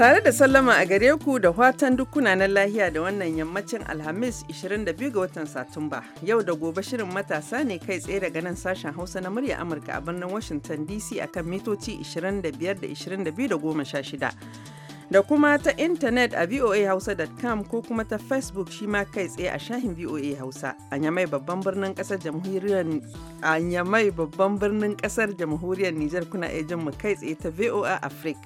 Tare da sallama a gare ku da watan dukkunanan lahiya da wannan yammacin Alhamis 22 ga watan Satumba. Yau da gobe shirin matasa ne kai tsaye daga nan sashen Hausa na murya Amurka a birnin Washington DC akan mitoci 25 da 22 da 16. Da kuma ta intanet a voahausa.com ko kuma ta Facebook shi ma kai tsaye a shahin VOA Hausa. A yamai babban birnin kasar jamhuriyar babban Nijar kuna iya jin mu kai tsaye ta VOA Africa.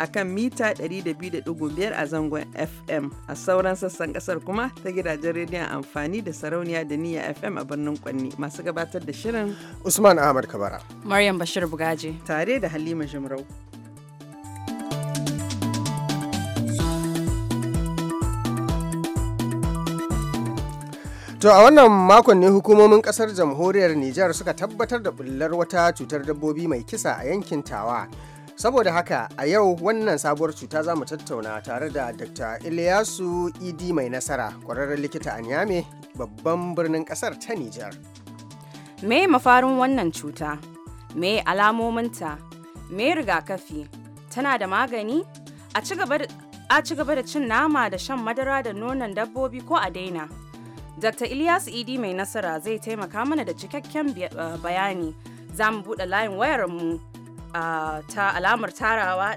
a kan mita biyar a zangon FM a sauran sassan kasar kuma ta gidajen rediyon amfani da sarauniya da niyya FM a birnin Kwanni masu gabatar da shirin Usman Ahmad Kabara. Maryam Bashir Bugaji. Tare da Halima Jimrau. To a wannan makon ne hukumomin kasar jamhuriyar Nijar suka tabbatar da bullar wata cutar dabbobi mai kisa a yankin Tawa. Saboda haka a yau wannan sabuwar cuta za mu tattauna tare da Dr. Iliyasu Idi mai nasara kwararren likita a niame babban birnin kasar ta Nijar. Me mafarin wannan cuta? Me alamominta? Me rigakafi? Tana da magani? A ci gaba da cin nama da shan madara da nonon dabbobi ko a daina? Dr. Ilyas Idi mai nasara zai taimaka mana da cikakken eh, bayani. Za mu buɗe layin wayarmu uh, ta alamar tarawa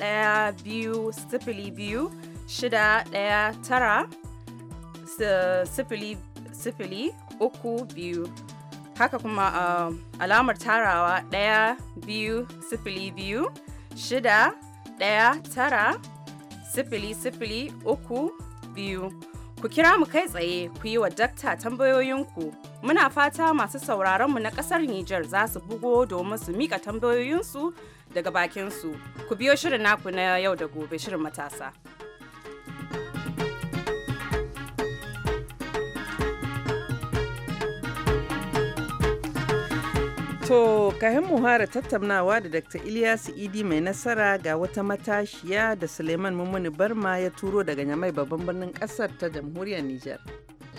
ɗaya biyu sifili biyu shida ɗaya tara sifili sifili uku biyu haka kuma alamar tarawa ɗaya biyu sifili biyu shida ɗaya tara sifili sifili uku biyu Ku kira mu kai tsaye ku yi wa dakta tambayoyinku. Muna fata masu sauraronmu na ƙasar Nijar za su bugo domin su mika tambayoyinsu daga bakinsu. Ku biyo shirin naku na yau da gobe shirin matasa. To, kayan muhara tattaunawa da Dr. Ilyas Idi mai nasara ga wata matashiya da Suleiman Mummuni Barma ya turo daga Nyamai babban birnin ƙasar ta jamhuriyar Nijar.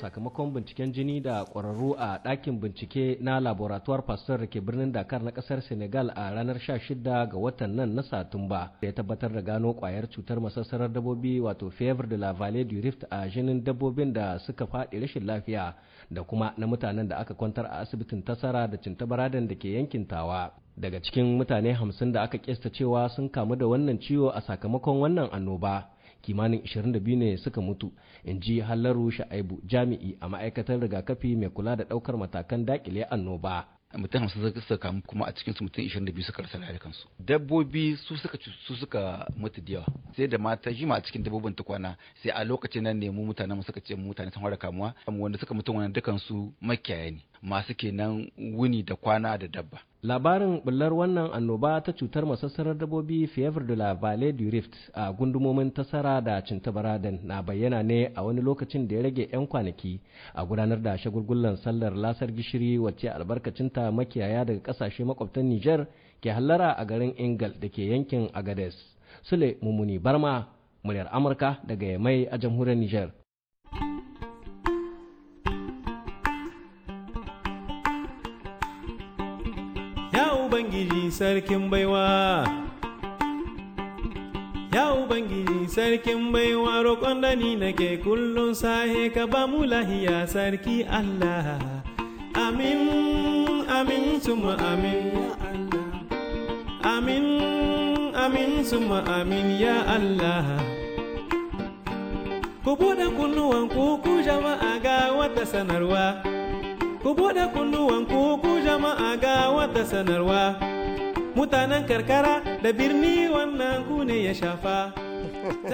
sakamakon binciken jini da ƙwararru a ɗakin bincike na laboratoire pasteur ke birnin dakar na ƙasar senegal a ranar 16 ga watan nan na satumba da ya tabbatar da gano ƙwayar cutar masassarar dabbobi wato fever de la vallée du rift a jinin dabbobin da suka faɗi rashin lafiya da kuma na mutanen da aka kwantar a asibitin tasara da cintabaradan da ke yankin tawa daga cikin mutane hamsin da aka kesta cewa sun kamu da wannan ciwo a sakamakon wannan annoba kimanin 22 ne suka mutu in ji hallaru sha'aibu jami'i a ma'aikatar rigakafi mai kula da ɗaukar matakan dakile annoba mutum hamsin suka suka kamu kuma a cikinsu mutum ishirin da biyu suka rasa rayukansu dabbobi su suka su suka mutu da yawa sai da mata shi ma a cikin dabbobin ta kwana sai a lokacin nan ne mu mutanen mu suka ce mu mutane sun fara kamuwa wanda suka mutu wannan dukansu makiyaya ne masu kenan wuni da kwana da dabba labarin bullar wannan annoba ta cutar masassarar dabbobi fever de la vallée du rift a gundumomin tasara da cintabaradan na bayyana ne a wani lokacin da ya rage 'yan kwanaki a gudanar da shagulgullan sallar lasar gishiri wacce albarkacinta makiyaya daga kasashe makwabtan nijar ke hallara a garin ingal da ke yankin agades sule mummuni barma muryar amurka daga mai a jamhuriyar nijar. sarkin baiwa Ya Ubangiji sarkin baiwa roƙon da ni nake kullum sahe ka ba mu lahiya sarki Allah Amin amin suma amin Amin amin suma amin ya Allah Ku buɗe kunnuwan ku jama'a ga wata sanarwa Ku buɗe kunnuwanku ku jama'a ga wata sanarwa mutanen karkara da birni wannan ku ne ya shafa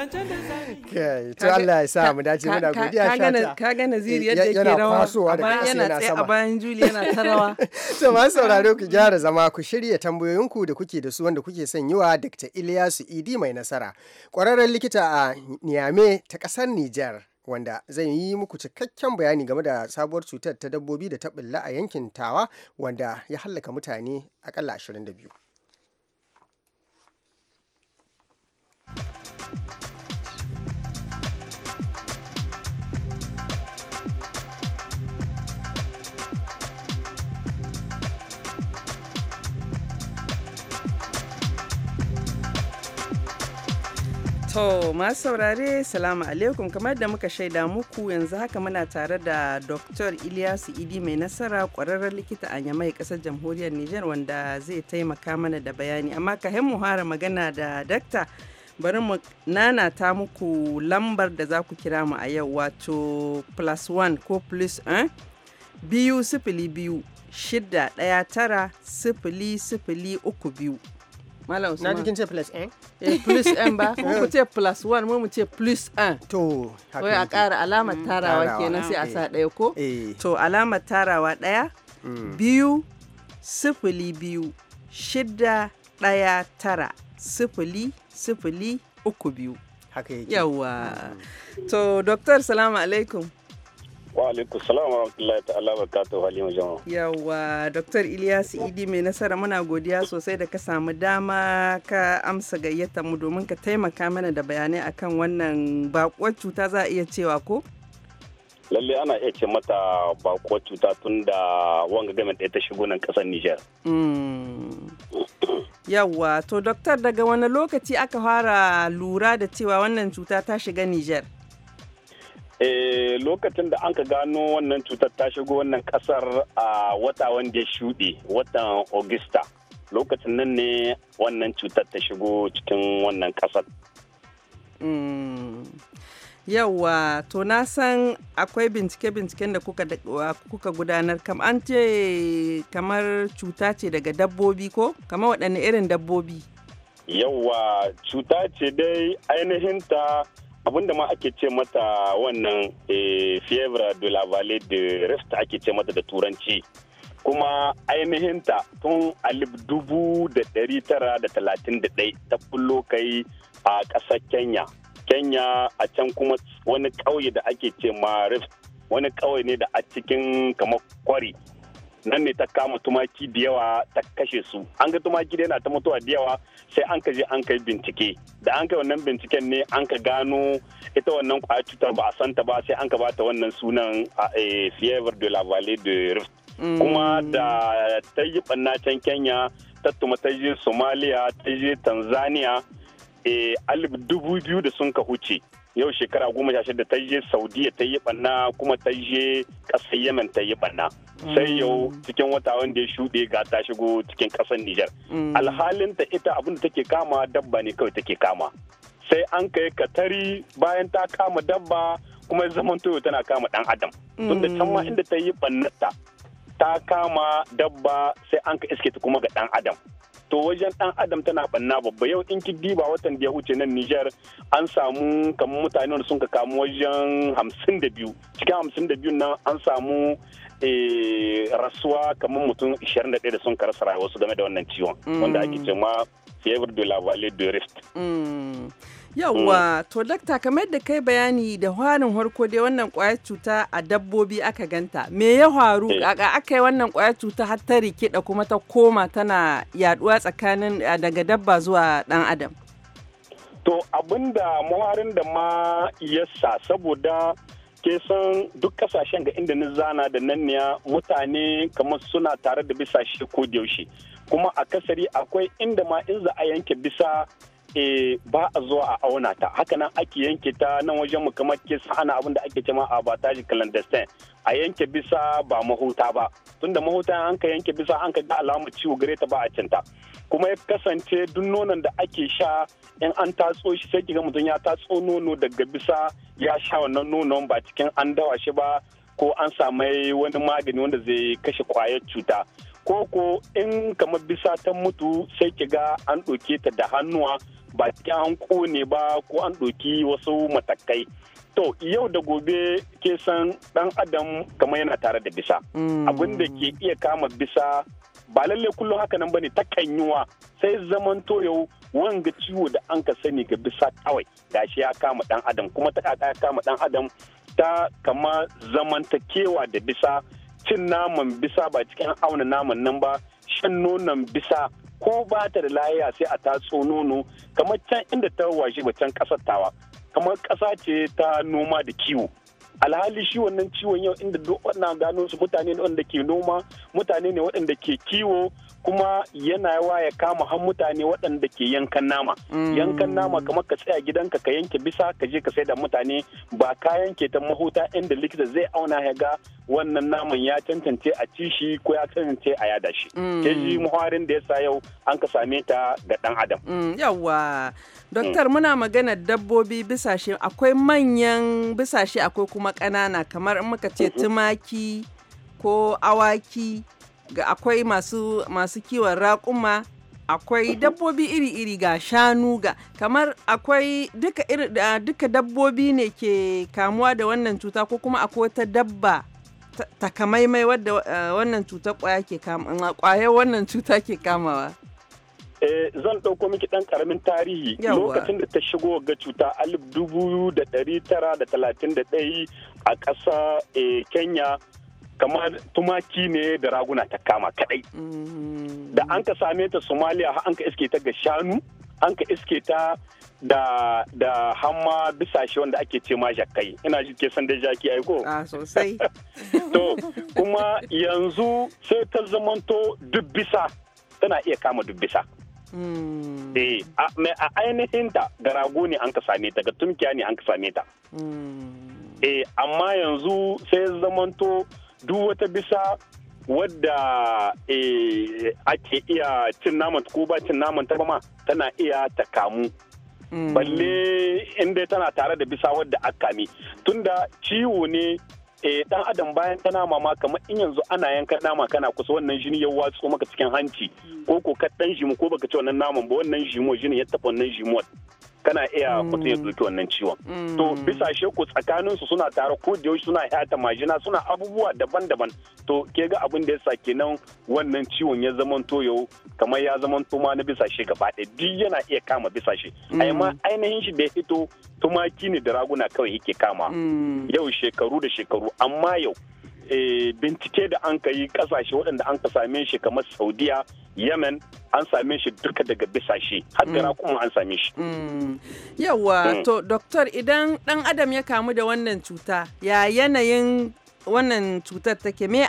kai to Allah ya sa mu dace muna godiya shata ka ga ziri yadda yake rawa amma yana tsaye a bayan juli yana ta rawa to ma sauraro ku gyara zama ku shirya tambayoyinku da kuke da su wanda kuke son yiwa Dr. Ilyasu Idi mai nasara kwararren likita a Niamey ta ƙasar Nijar wanda zai yi muku cikakken bayani game da sabuwar cutar ta dabbobi da ta bulla a yankin tawa wanda ya hallaka mutane akalla 22 To masu saurare salamu alaikum kamar da muka shaida muku yanzu haka muna tare da Dr. Ilyasu Idi mai nasara kwararren likita a Yamai kasar jamhuriyar Nijar wanda zai taimaka mana da bayani amma ka mu hara magana da dakta bari mu nanata muku lambar da za ku kira mu a yau wato plus one ko plus eh? biyu sifili biyu shida ɗaya tara sifili sifili uku biyu Malam Na jikin ce plus 1? Eh plus 1 ba, eh. plus 1 mu ce plus 1. To, a ƙara alamar hmm, tarawa kenan eh. eh. sai a sa ko? To alamar tarawa ɗaya, hmm. biyu, sifili biyu, shidda ɗaya tara, sifili, sifili, uku biyu. Yawwa. To, Doktor, salamu alaikum. Wa salam wa rahmatullahi ta'ala wa kato halima jama'a. Yawwa Dr. Ilyas Idi mai nasara muna godiya sosai da ka samu dama ka amsa gayyata mu domin ka taimaka mana da bayanai akan wannan bakuwar cuta za a iya cewa ko? Lalle ana iya ce mata bakuwar cuta tun da wanga game da ta shigo nan kasar Nijar. Mm. Yawwa to Dr. daga wani lokaci aka fara lura da cewa wannan cuta ta shiga Nijar? Eh, lokacin da an ka gano wannan cutar ta shigo wannan kasar a wata wanda ya shuɗe watan Augusta. Lokacin nan ne wannan cutar ta shigo cikin wannan kasar. Mm. yawa to na san akwai bincike-binciken da kuka, gudanar kam an ce kamar cuta ce daga dabbobi ko? Kamar waɗanne irin dabbobi? yawa cuta ce dai ainihinta. abinda ma ake ce mata wannan eh, fievre de la vallée de rift ake ce mata da turanci kuma ainihinta tun alif dubu da dari tara da talatin da ɗai ta fullo kai a ƙasar kenya kenya a can kuma wani ƙauye da ake ce ma rift wani ƙauye ne da a cikin kamar kwari nan ne ta kama tumaki da yawa ta kashe su an ga tumaki da yana ta mutuwa da yawa sai an ka je an kai bincike da an kai wannan binciken ne an ka gano ita wannan kwaya cutar ba a santa ba sai an ka bata wannan sunan fiever de la vallée de rift mm. kuma da ta yi banna kenya ta tuma ta je somalia ta je tanzania eh, alif dubu biyu da sun ka huce yau shekara goma sha shida ta je saudiya ta yi banna kuma ta je ƙasar yemen ta yi banna sai mm. yau cikin wata wanda ya shuɗe ga ta shigo cikin ƙasar nijar mm. alhalin ta ita abin da take kama dabba ne kawai take kama sai an kai katari bayan ta kama dabba kuma zaman toyo tana kama dan adam tunda can ma mm. inda ta yi ta kama dabba sai an ka iske ta kuma ga dan adam to wajen dan adam tana banna babba yau in kiddi ba watan da ya wuce nan Nijar an samu kamar mutane da sun ka kamu wajen hamsin da biyu cikin 52 da nan an samu eh, rasuwa kamar mutum 21 da sun karasa su game da wannan ciwon wanda ake mm. ce ma fever de la vallée de rift mm. Yawwa, mm. to dakta kamar da kai bayani da harin harko dai wannan kwayar cuta a dabbobi aka ganta. Me ya faru aka eh. aka yi wannan kwayar cuta har ta rikida kuma ta koma tana yaduwa tsakanin daga dabba zuwa dan adam. To abinda mawarin da ma yasa saboda ke san duk kasashen ga inda ni zana da nan ne mutane kamar suna tare da bisa shi ko yaushe. Kuma a kasari akwai inda ma in za a yanke bisa eh ba a zuwa a auna ta haka nan ake yanke ta nan wajen mu kamar ke sana abin da ake cewa a bataji clandestine a yanke bisa ba mahuta ba tunda mahuta an ka yanke bisa an ka ga alamar ciwo gare ta ba a cinta kuma ya kasance duk nonon da ake sha in an tatso shi sai kiga mutum ya tatso nono daga bisa ya sha wannan nonon ba cikin an dawa shi ba ko an samai wani magani wanda zai kashe kwayar cuta ko ko in kamar bisa ta mutu sai kiga an ɗauke ta da hannuwa ba cikin an kone ba ko an ɗoki wasu matakai to yau da gobe ke san ɗan adam kamar yana tare da bisa mm. abin da ke iya kama bisa ba lalle kullum haka nan bane ta yiwa sai zaman to yau wanga ciwo da an ka sani ga bisa kawai gashi ya kama ɗan adam kuma ta ya kama ɗan adam ta kama zamantakewa da bisa cin naman bisa ba cikin auna naman nan ba shan nonon bisa ko ba ta da layaya sai a tatso nono kamar can inda ta washe ba can kasar tawa kamar kasa ce ta noma da kiwo alhali shi wannan ciwon yau inda duk wannan gano su mutane ne wanda ke noma mutane ne waɗanda ke kiwo kuma yana yawa ya kama har mutane waɗanda ke yankan nama mm. yankan nama kamar ka tsaya gidanka ka yanke bisa ka je ka sai da mutane ba ka yanke ta mahuta inda likita zai auna ya ga wannan naman ya cancance a ci shi ko ya cancance a yada shi mm. ke ji muharin da ya sa yau an ka same ta ga ɗan adam mm, yawa Doktar muna magana dabbobi bisashe akwai manyan bisashe akwai kuma ƙanana kamar in muka ce mhm. tumaki ko awaki ga akwai masu masu kiwon raƙuma akwai mm-hmm. dabbobi iri-iri ga shanu ga kamar akwai duka iri duka dabbobi ne ke kamuwa da wannan cuta ko kuma akwai wata dabba takamaimai wadda eh, wannan cuta kwaya ke kama kwayar wannan cuta ke kamawa eh, zan ɗauko miki ɗan karamin tarihi lokacin da ta shigo ga cuta alif dubu da ɗari tara da talatin da a ƙasa eh, kenya kamar tumaki ne da raguna ta kama kadai da an ka same ta somaliya an ka iske ta ga shanu an ka iske ta da da hamma bisashe wanda ake ce ma jakai ina ji ke san da jaki aiko ah sosai to kuma yanzu sai ta zamanto dubbisa tana iya kama dubbisa hmm. eh a ainihin ta da rago ne an ka same ta ga tunkiya ne an ka same ta hmm. eh amma yanzu sai zamanto duk wata bisa wadda eh, ake iya cin naman ko ba cin naman ta ma tana iya ta kamu hmm. balle inda tana tare da bisa wadda aka kame tunda ciwo ne dan eh, adam bayan ta nama ma kamar in yanzu ana yanka nama kana kusa wannan jini ya watsu maka cikin hanci ko ko ka dan jimu ko baka ci wannan naman ba wannan jimo jini ya tafi wannan jimo kana iya mm. mutum ya duki wannan ciwon mm. to bisa sheku tsakanin su suna tare ko da suna yata majina suna abubuwa daban-daban to ke ga abin da ya sa kenan wannan ciwon ya zama to yau kamar ya zama to ma na bisa shi gaba ɗaya duk yana iya kama bisa shi mm. ma ainihin shi da ya fito tumaki ne da raguna kawai yake kama yau shekaru da shekaru amma yau eh, bincike da an ka yi kasashe waɗanda an ka same shi kamar saudiya yemen an same shi duka daga bisashe har da kuma mm. an same shi mm. yawa mm. to doktor idan dan adam ya kamu da wannan cuta ya yanayin wannan cutar take me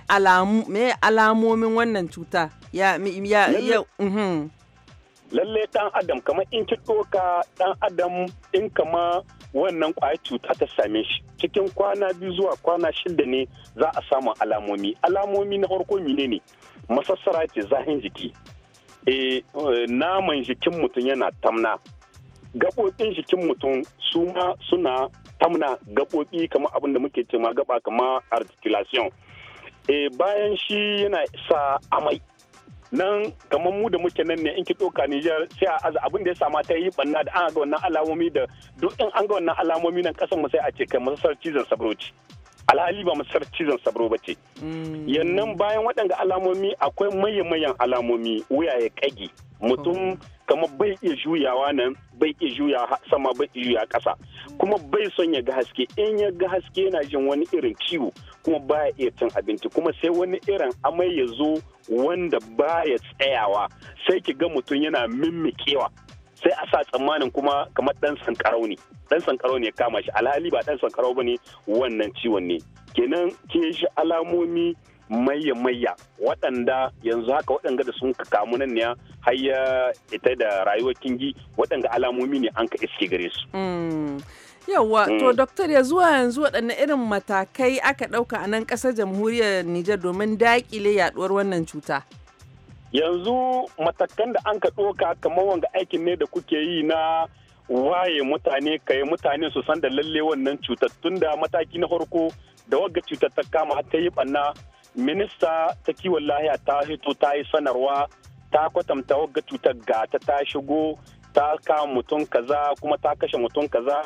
me alamomin wannan cuta ya ya ya lalle dan mhm. adam kamar in ki doka dan adam in kama wannan kwayar cuta ta same shi cikin kwana biyu zuwa kwana shida ne za a samu alamomi alamomi na farko menene ne masassara ce zahin jiki e naman jikin mutum yana tamna gaɓoɓin jikin mutum su ma suna tamna gaɓoɓi kamar abin da muke cewa gaba kamar articulation e bayan shi yana sa amai nan kamar mu da muke nan ne in ki ɗauka Nijar sai a aza abin da ya sama ta yi banna da an ga wannan alamomi da duk in an ga wannan alamomi nan kasan mu sai a ce kai masasar cizon sabroci. alhali ba masar cizon sabro ba ce hmm. yannan bayan waɗanda alamomi akwai mayan alamomi wuya ya kage mutum oh. kamar bai iya juyawa nan bai iya juya sama bai iya juya ƙasa kuma bai son ya ga haske in ya ga haske yana jin wani irin ciwo kuma baya iya cin abinci kuma sai wani irin amai ya zo wanda baya tsayawa sai ki ga mutum yana mimmikewa sai a sa tsammanin kuma kamar dan sankarau ne dan sankarau ne ya kama shi alhali ba dan sankarau bane wannan ciwon ne kenan ke shi alamomi mayya mayya waɗanda yanzu haka waɗanda da sun kamu nan ne har ya ita da rayuwar kingi waɗanda alamomi ne an ka iske gare su hmm. Yawwa, hmm. to doktor ya zuwa yanzu waɗanne irin matakai aka ɗauka a nan ƙasar jamhuriyar Nijar domin daƙile yaɗuwar wannan cuta? yanzu matakan da an ka ɗoka kamar wanga aikin ne da kuke yi na waye mutane kai mutane su san da lalle wannan cutar tunda mataki na farko da wagga cutar ta kama ta yi ɓanna minista ta kiwon lahiya ta hito ta yi sanarwa ta kwatanta wagga cutar ga ta ta shigo ta kama mutum kaza kuma ta kashe mutum kaza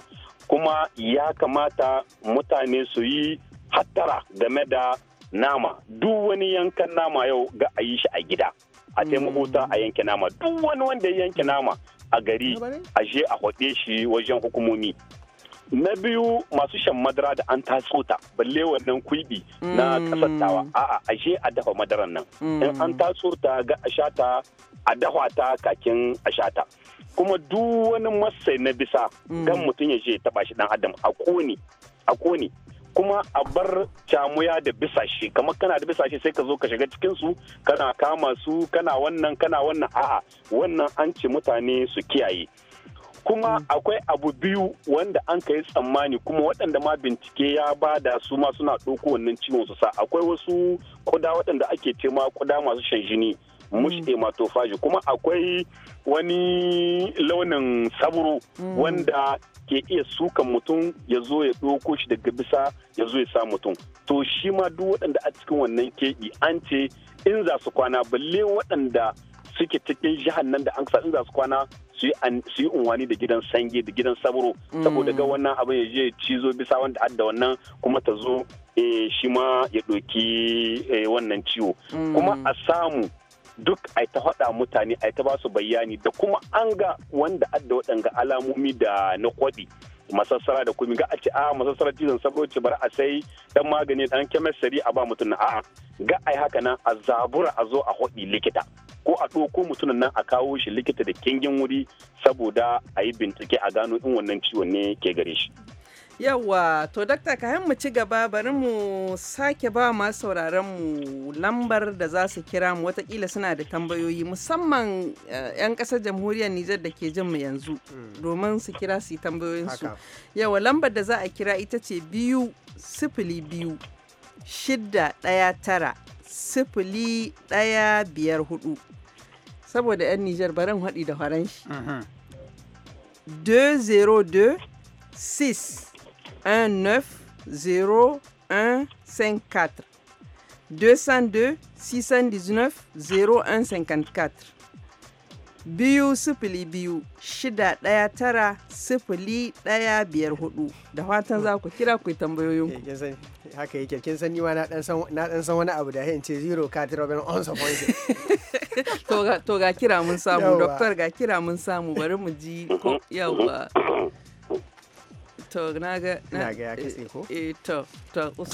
kuma ya kamata mutane su yi hattara game da nama duk wani yankan nama yau ga a yi shi a gida. a ta a yanke nama duk wani wanda ya yanke nama a gari a je a haɗe shi wajen hukumomi na biyu masu shan madara da an taso ta balle wannan kuibi na kasar mm. tawa a'a a je a dafa madaran nan in mm. an tatso ta ga a sha a dafa ta kakin a sha kuma duk wani masai na bisa gan mm. mutum ya je taba shi dan adam a kone a kone kuma a bar camuya da bisashe kamar kana da bisashe sai ka zo ka shiga cikin su kana kama su kana wannan kana wannan a'a wannan an ce mutane su kiyaye kuma mm. akwai abu biyu wanda an ka tsammani kuma waɗanda ma bincike ya ba da su ma suna ɗauko wannan ciwon su sa akwai wasu kuda waɗanda ake ce ma kuda masu shan jini Mm. mush matofaji kuma akwai wani launin saburo mm. wanda ke iya sukan mutum ya zo ya ɗauko shi daga bisa ya zo ya sa mutum to shi ma duk waɗanda a cikin wannan keɓi an ce in za su kwana balle waɗanda suke cikin jihar nan da an in za su kwana su yi unwani da gidan sange da gidan saburo mm. saboda ga wannan abin ya je cizo bisa wanda adda wannan kuma ta zo eh, shi ma ya ɗauki eh, wannan ciwo kuma a samu duk ai ta faɗa mutane ai ta ba su bayani da kuma an ga wanda adda waɗanga alamomi da na kwaɗi masassara da kuma ga a ce a ah, masassara cizon sauro ce bar a sai dan magani dan kemistry a ba mutum a'a ga ai haka nan a zabura a zo a hodi likita ko a ɗauko mutumin nan a kawo shi likita da kingin wuri saboda a yi bincike a gano in wannan ciwon ne ke gare shi. Yawwa, to dakta kayan mu ci gaba bari mu sake ba ma sauraron mu lambar da za su kira mu watakila suna da tambayoyi musamman 'yan eh, ƙasar jamhuriyar Nijar da ke jin mu yanzu mm. domin su kira su yi tambayoyinsu. Yawwa lambar da za a kira ita ce biyu sifili biyu shidda ɗaya tara sifili ɗaya biyar hudu. Saboda 'yan Nijar barin haɗi da faranshi. 202 6 190154 202 619 biyu sifili biyu shida ɗaya tara sifili ɗaya biyar hudu da fatan za ku kira ku tambayoyin ku. Eh, haka yake kin san ni na dan san wani abu da hin ce zero ka tira bin on sa to ga kira mun samu doktor ga kira mun samu bari mu ji yawa to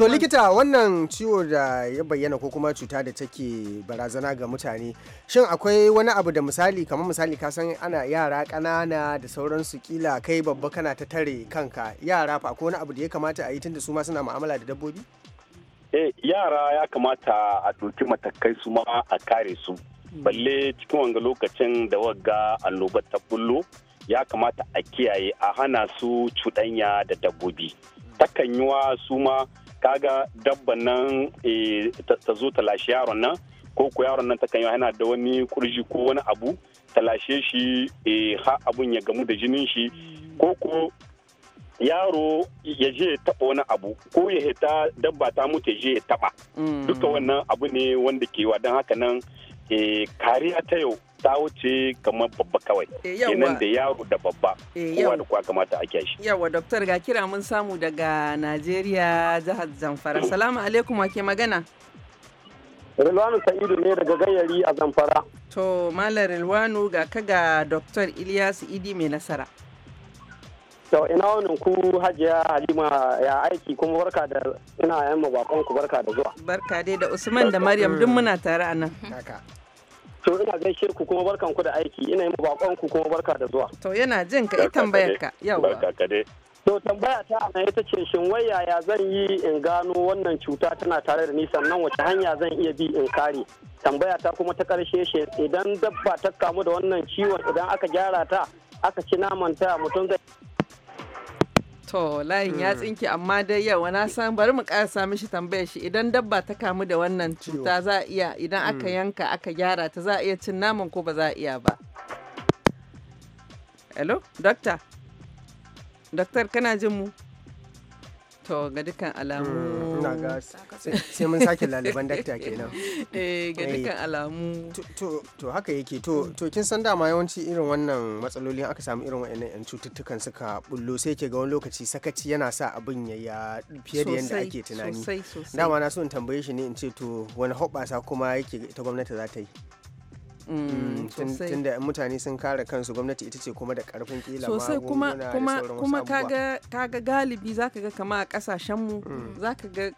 likita wannan ciwo da ya bayyana ko kuma cuta da take barazana ga mutane shin akwai wani abu da misali kamar misali ka san ana yara kanana da sauransu kila kai babba kana ta tare kanka yara fa ko wani abu da ya kamata a yi tunda su ma suna mu'amala da dabbobi eh yara ya kamata a tuki matakai su ma a kare su hmm. balle cikin wanga lokacin da wagga annobar ta bullo ya kamata a kiyaye a hana su cuɗanya da dabbobi takan yi wa su ma kaga dabban nan eh, ta zo ta lashe yaron nan ko ko yaron nan takan yi hana da wani kurji ko wani abu ta lashe shi eh, ha abun ya gamu da jinin shi ko ko yaro ya je ya taba wani abu ko ya hita dabba ta mutu ya je ya taba mm. duka wannan abu ne wanda ke wa don haka nan eh, kariya ta yau ta wuce kamar babba kawai eh, kenan da yaro da babba eh, kowa da kwa kamata a shi yawa doktor ga kira mun samu daga najeriya jihar zamfara salamu alaikum wake magana Rilwanu Sa'idu ne daga gayyari a Zamfara. To, Malam Rilwanu ga ka ga Dr. Ilyas Idi mai nasara. To, ina wani ku hajiya Halima ya aiki kuma barka da ina yan mabakon ku barka da zuwa. Barka dai da Usman da Maryam duk muna tare a nan. To ina gaishe ku kuma barkan ku da aiki ina yi bakon ku kuma barka da zuwa. To yana jin ka yi eh, tambayar ka yawa. Barka ka To tambaya ta ana ita ce shin wai yaya zan yi in gano wannan cuta tana tare da ni sannan wace hanya zan iya bi in kare. Tambaya ta kuma ta karshe shi idan dabba ta kamu da wannan ciwon idan aka gyara ta aka ci naman ta mutum zai To layin ya hmm. tsinke amma dai yau na san bari mu karasa mishi tambayar shi idan dabba ta kamu da wannan cuta za a iya idan aka hmm. yanka aka gyara ta za a iya cin naman ko ba za a iya ba. Hello, doctor. Doctor kana jin mu? to ga dukkan alamu mm, na ga sai mun sake laliban dakta kenan eh ga eh, dukkan alamu to haka yake to to kin san dama yawanci irin wannan matsaloli aka samu irin wa'annan yan cututtukan suka bullo sai ke ga wani lokaci sakaci yana sa abin ya ya fiye da yanda ake tunani dama na so in tambaye shi ne in ce to wani hoɓasa kuma yake ta gwamnati za ta yi Mm, mm, tun da mutane sun kare kansu gwamnati ita ce kuma da karfin kila sosai kuma kuma kuma kaga galibi zaka ga kama a kasashen mu mm. zaka ga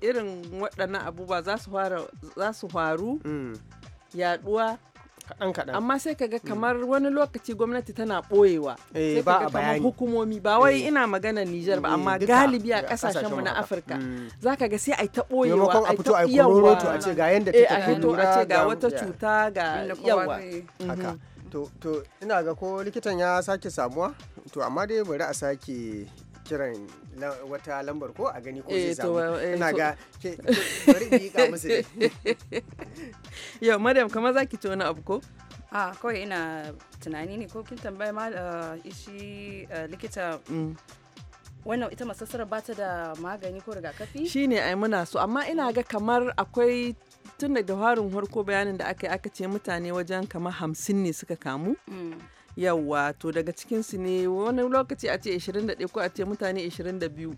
irin waɗannan abubuwa za su faru yaduwa kaɗan kaɗan amma sai kaga mm. kamar wani lokaci gwamnati tana ɓoyewa eh, sai kaga kamar hukumomi ba wai eh. ina magana Nijar ba eh, amma galibi a kasashenmu na Afirka mm. zaka ga sai ai ta ɓoyewa ai ta iyawa a ce ga yanda take a ce ga wata cuta ga yawa mhm. haka to to ina ga ko likitan ya sake samuwa to amma dai bari a sake kiran wata lambar ko a gani ko eh, zai samu eh, ina ga bari bi ga musu yau madam kamar zaki ci wani abu ko a kawai ina tunani ne ko kin tambaya ma eh, shi likita mm. wannan ita masassarar ba ta da magani ko rigakafi shine ai muna so amma ina ga kamar akwai tun daga harin harko bayanin da aka yi aka ce mutane wajen kamar hamsin ne suka kamu mm. Yawwa to daga cikinsu ne wani lokaci a ce 21 ko a ce mutane 22.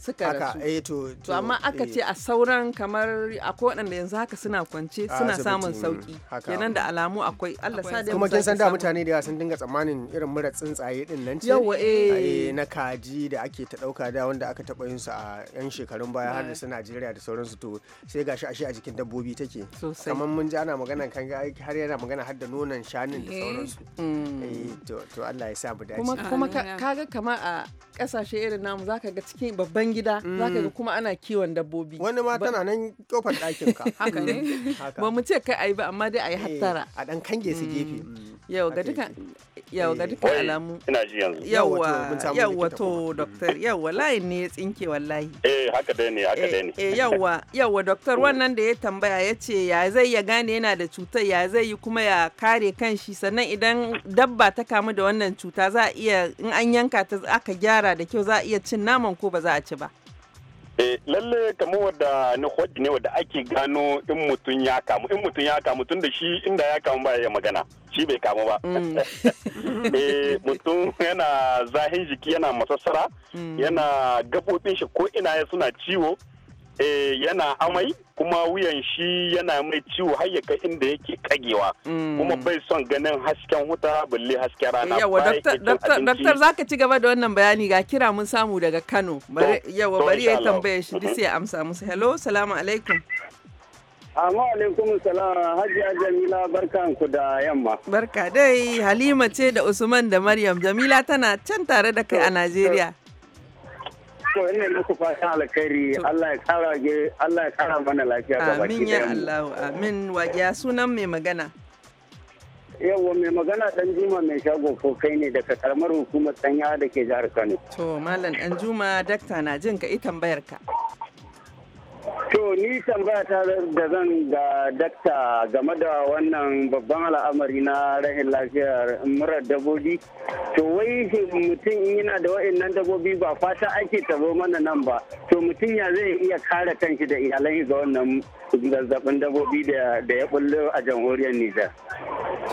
suka rasu eh to to amma aka eh. ce a sauran kamar akwai waɗanda yanzu haka suna kwance ah, suna samun mm, sauki kenan da alamu akwai Allah sa da kuma kin san da mutane da yawa sun dinga tsammanin irin mura tsuntsaye din nan ce yawa eh na kaji da ake ta dauka da wanda aka taba yin su a yan shekarun baya har da su Najeriya da sauransu to sai gashi a shi a jikin dabbobi take kamar mun ji ana magana kan har yana magana har da nonon shanin da eh. sauransu mm. to to Allah ya sa mu dace kuma kaga kamar a kasashe irin namu zaka ga cikin babban cikin gida mm. zaka ga kuma ana kiwon dabbobi wani ma tana nan kofar ɗakin ka haka ne ba mu ce kai ayi ba amma dai ayi eh, hattara a dan kange su mm. gefe yau ga dukan yau ga eh. duka alamu ina ji yawa yawa to doktor yawa layin ne ya tsinke wallahi eh haka dai ne haka eh, dai ne eh, yawa yawa mm. wannan da ya tambaya ya ce ya zai ya gane yana da cutar ya zai yi kuma ya kare kanshi sannan idan dabba ta kamu da wannan cuta za a iya in an yanka ta aka gyara da kyau za a iya cin naman ko ba za a ci ba Eh, lalle kamar wadda na hodi ne wadda ake gano in mutum ya kamu in mutum ya kamu tun da shi inda ya kamu ba ya magana shi bai kamu ba mm. eh, mutum yana zahin jiki yana masassara mm. yana gabobin shi ko ina ya suna ciwo eh yana amai kuma wuyan shi yana mai ciwo har ya kai inda yake kagewa mm. kuma bai son ganin hasken wuta, balle hasken rana yawa daktar ka ci gaba da wannan bayani ga kira mun samu daga Kano yawa bari ya tambaya shi duk sai amsa musu hello salamu alaikum Amma alaikum salam Hajiya Jamila barkan ku da yamma. Barka dai Halima ce da Usman da Maryam Jamila tana can tare da kai a Najeriya. To ina muku alkhairi Allah ya kara Allah ya kara mana lafiya gaba Amin ya Allah amin wajiya sunan mai magana. Yawwa mai magana dan Juma mai shago ko kai ne daga karamar hukumar Sanya da ke jihar Kano. To Malam dan Juma dakta na jin ka ita tambayar ka. To ni tambaya ta da zan ga dakta game da wannan babban al'amari na rahin lafiyar murar dabobi. To wai mutum in yana da wa'annan dabobi ba fata ake tabo mana nan ba. To mutum ya zai iya kare kanshi da iyalan ga wannan zazzabin dabobi da ya bullo a jamhuriyar Nijar.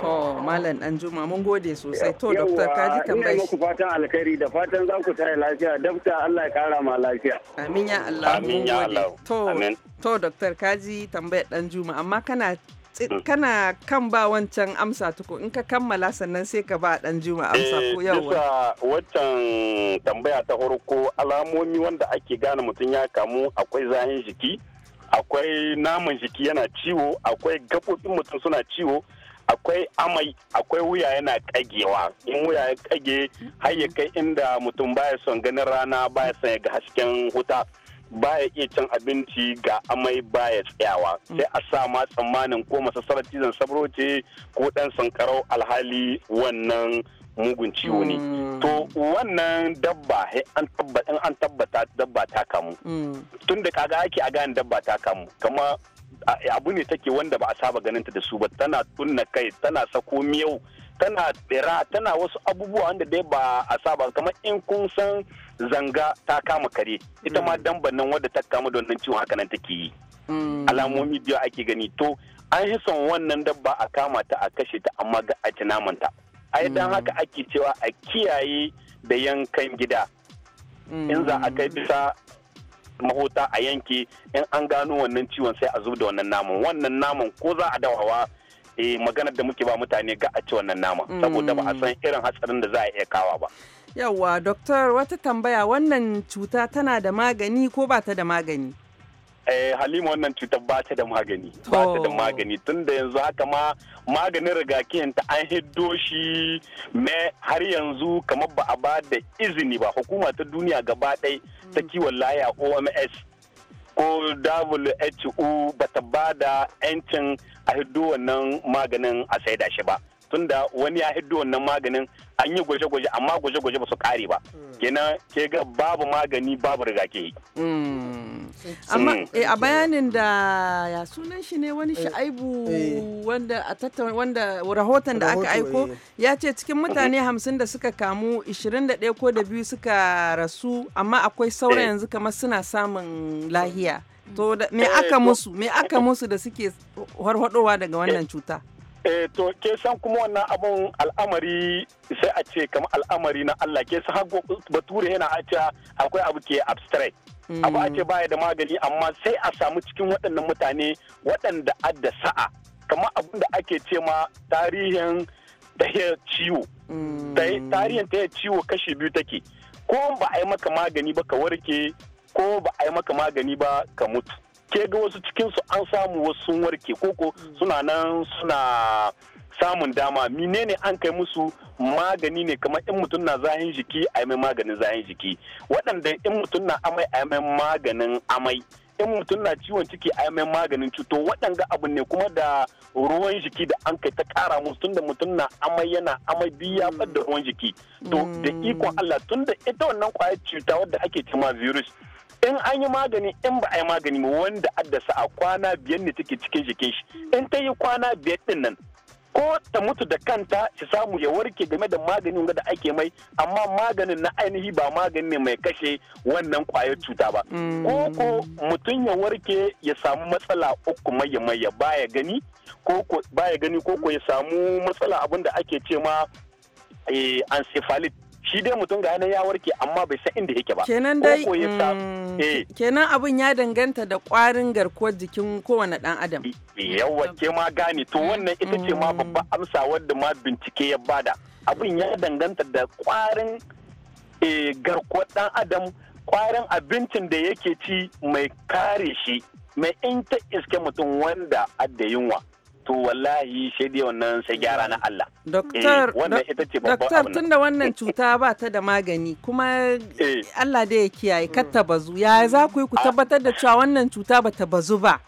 To Malam Danjuma mun gode sosai. To doctor ka ji tambayi. Ina muku fatan alkhairi da fatan za ku tare lafiya. Dokta Allah ya kara ma lafiya. Amin ya Allah. Amin ya Allah. To amin to Dr. kaji tambayar dan juma amma kana mm. kana kan ba wancan amsa tuku in ka kammala sannan sai ka ba dan juma amsa eh, ko yau bisa wancan tambaya ta farko alamomi wanda ake gane mutum ya kamu akwai zahin jiki akwai naman jiki yana ciwo akwai gabobin mutum suna ciwo akwai amai akwai wuya yana kagewa in wuya ya kage har ya kai inda mutum baya son ganin rana baya son ya ga hasken wuta baya iya cin abinci ga amai baya tsayawa mm. sai a sa ma tsammanin ko masassarar cizon sabro ce ko dan sankarau alhali wannan mugun ciwo ne mm. to wannan dabba in an tabbata dabba ta kamu mm. tun da kaga ake a gane dabba ta kamu kama abu ne take wanda ba a saba ganinta da su ba tana tunna kai tana sako miyau tana tsira tana wasu abubuwa wanda dai ba a saba kamar in kun san zanga ta kama kare ita ma mm. damban nan wadda ta kama da wannan ciwon haka nan take yi mm. alamomi biyu ake gani to an yi son wannan dabba a kama ta a kashe ta amma ga a ci a ai dan mm. haka ake cewa a kiyaye da yankan gida in za a kai bisa mahota a yanke in an gano wannan ciwon sai a zuba da wannan naman wannan naman ko za a dawawa eh maganar da muke ba mutane ga a ci wannan nama mm. saboda ba a san irin hatsarin da za a iya kawa ba yawwa doktor wata tambaya wannan cuta tana da magani ko ba ta da magani eh, halima wannan cutar ba ta da magani ba ta da magani tun da yanzu haka ma maganin rigakafin ta an hiddo shi me har yanzu kamar ba a ba da izini ba hukuma ta duniya gaba ɗaya ta mm. kiwon laya oms ko who ba ta ba da 'yancin a hiddo wannan maganin a saida shi ba tunda wani ya hiddo wannan maganin an yi gwaje-gwaje amma gwaje-gwaje ba su kare ba hmm. kenan ke ga babu magani babu rigakafi hmm. amma hmm. Eh, a bayanin da ya sunan shi ne wani eh, sha'aibu eh. wanda a tattauna wanda rahoton da aka aiko ya ce cikin mutane hamsin da suka kamu 21 ko da biyu suka rasu amma akwai saura yanzu kamar suna samun lahiya To me eh, aka musu me aka musu da suke harhadowa daga wannan eh, cuta? Eh to ke san kuma wannan abun al'amari sai a ce kamar al'amari na Allah ke san har bature yana a ce akwai abu ke abstract. Abu a hmm. baya da magani amma sai a samu cikin waɗannan mutane waɗanda adda sa'a kamar abun da ake ce ma tarihin tahiyar ciwo. Hmm. Tarihin tahiyar ciwo kashi biyu take. Ko ba a yi maka magani ba ka warke ko ba a yi maka magani ba ka mutu ke ga wasu cikinsu an samu wasu sun warke koko mm. suna nan suna samun dama menene an kai musu magani ne kamar in mutum na zahin jiki a mai maganin zahin jiki waɗanda in mutum na amai a mai maganin amai in mutum na ciwon ciki a mai maganin cuto waɗanga abu ne kuma da ruwan jiki da an kai ta ƙara musu tunda mutum na amai yana amai biya da ruwan jiki to da mm. ikon Allah tunda ita wannan kwayar cuta wadda ake cima virus in an yi magani in ba a yi magani ba wanda addasa a kwana biyar ne take cikin jikin shi in ta yi kwana biyar din nan ko ta mutu da kanta shi samu ya warke game da maganin da ake mai amma maganin na ainihi ba magani ne mai kashe wannan kwayar cuta ba ko mm. ko mutum ya warke ya samu matsala uku mai ya baya gani ko ko baya gani ko ko ya samu matsala abin da ake ce ma eh, encephalitis shi dai mutum ga ya warke amma bai san inda yake ba kenan dai mm, eh. kenan abin ya danganta da kwarin garkuwar jikin kowane dan adam yawa ke ma gane to mm, wannan ita ce ma mm. babban amsa wadda ma bincike ya bada abin ya danganta da kwarin eh, garkuwar dan adam kwarin abincin da yake ci mai kare shi mai inta iske mutum wanda adda yunwa to wallahi sai wannan sai gyara na Allah. Doktor, doktor da wannan cuta ba ta da magani kuma eh. Allah da ya kiyaye kar ta bazu ya za ku yi ku ah. tabbatar da cewa wannan cuta ba ta bazu ba.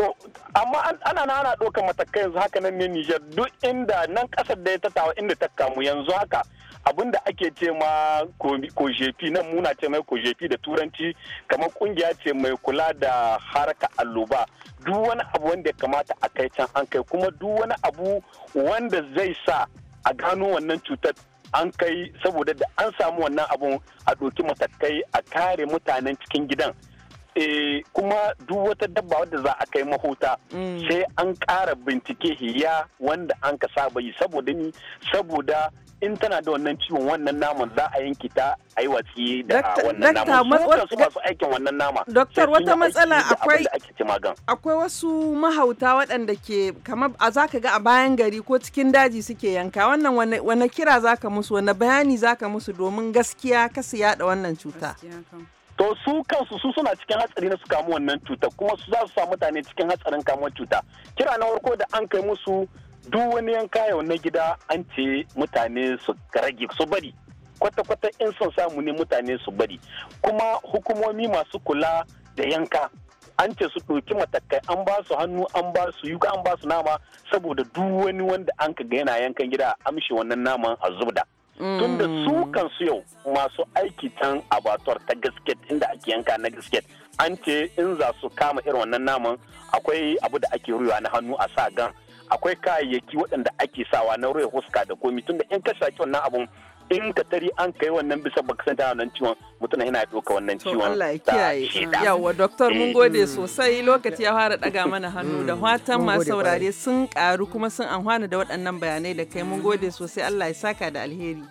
To amma ana na ana ɗaukar matakai yanzu haka nan ne Nijar duk inda nan ƙasar da ya ta tawa inda ta kamu yanzu haka abin da ake ce ma kojefi nan muna ce mai kojefi da turanci kamar kungiya ce mai kula da harka alluba duk wani abu wanda ya kamata a kai can an kai kuma duk wani abu wanda zai sa a gano wannan cutar an kai saboda da an samu wannan abun a ɗauki matakai a kare mutanen cikin gidan e, kuma duk wata dabba wadda za a kai mahuta mm. sai an kara bincike hiya wanda an ka saba yi saboda ni saboda in tana da wannan ciwon wannan naman za a yanki ta a yi watsi da wannan naman su masu aikin wannan nama doktor wata matsala akwai akwai wasu mahauta waɗanda ke kamar a zaka ga a bayan gari ko cikin daji suke yanka wannan wani kira zaka musu wani bayani zaka musu domin gaskiya kasu yada wannan cuta to su kansu su suna cikin hatsari na su kamu wannan cuta kuma su za su sa mutane cikin hatsarin kamuwar cuta kira na farko da an kai musu duk wani yanka yau na gida an ce mutane su rage su bari kwata-kwata in son samu ne mutane su bari kuma hukumomi masu kula da yanka an ce su ɗauki matakai an ba su hannu an ba su yuka an ba su nama saboda duk wani wanda an ka yana yankan gida amshi wannan naman a zubda tun da mm. su kansu yau masu aiki can abatuwar ta gasket inda ake yanka na gasket an ce in za su kama irin wannan naman akwai abu da ake ruwa na hannu a sa gan akwai kayayyaki waɗanda ake sawa na ruwa huska da komi tunda in ka shaki wannan abun in ka tari an kai wannan bisa baka san tana nan ciwon mutum yana ɗauka wannan ciwon Allah ya kiyaye yawa doktor mun gode eh. sosai lokaci ya fara daga mana hannu da mm, fatan masu saurare sun karu kuma sun amfana da waɗannan bayanai da kai mun gode sosai Allah ya saka da alheri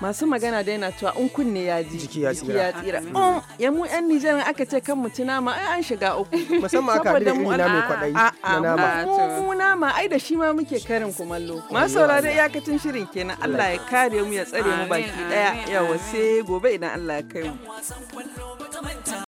masu magana da na cewa in kunne ya ji jiki ya tsira oh, ya mu yan Nijar aka ce kan mutu ci nama ai an shiga uku musamman aka da mu na mai kwadai na nama mu nama ai da shi ma muke karin kumallo ma saurare iyakacin shirin kenan Allah ya kare mu ya tsare mu baki daya yawa sai gobe idan Allah ya kai mu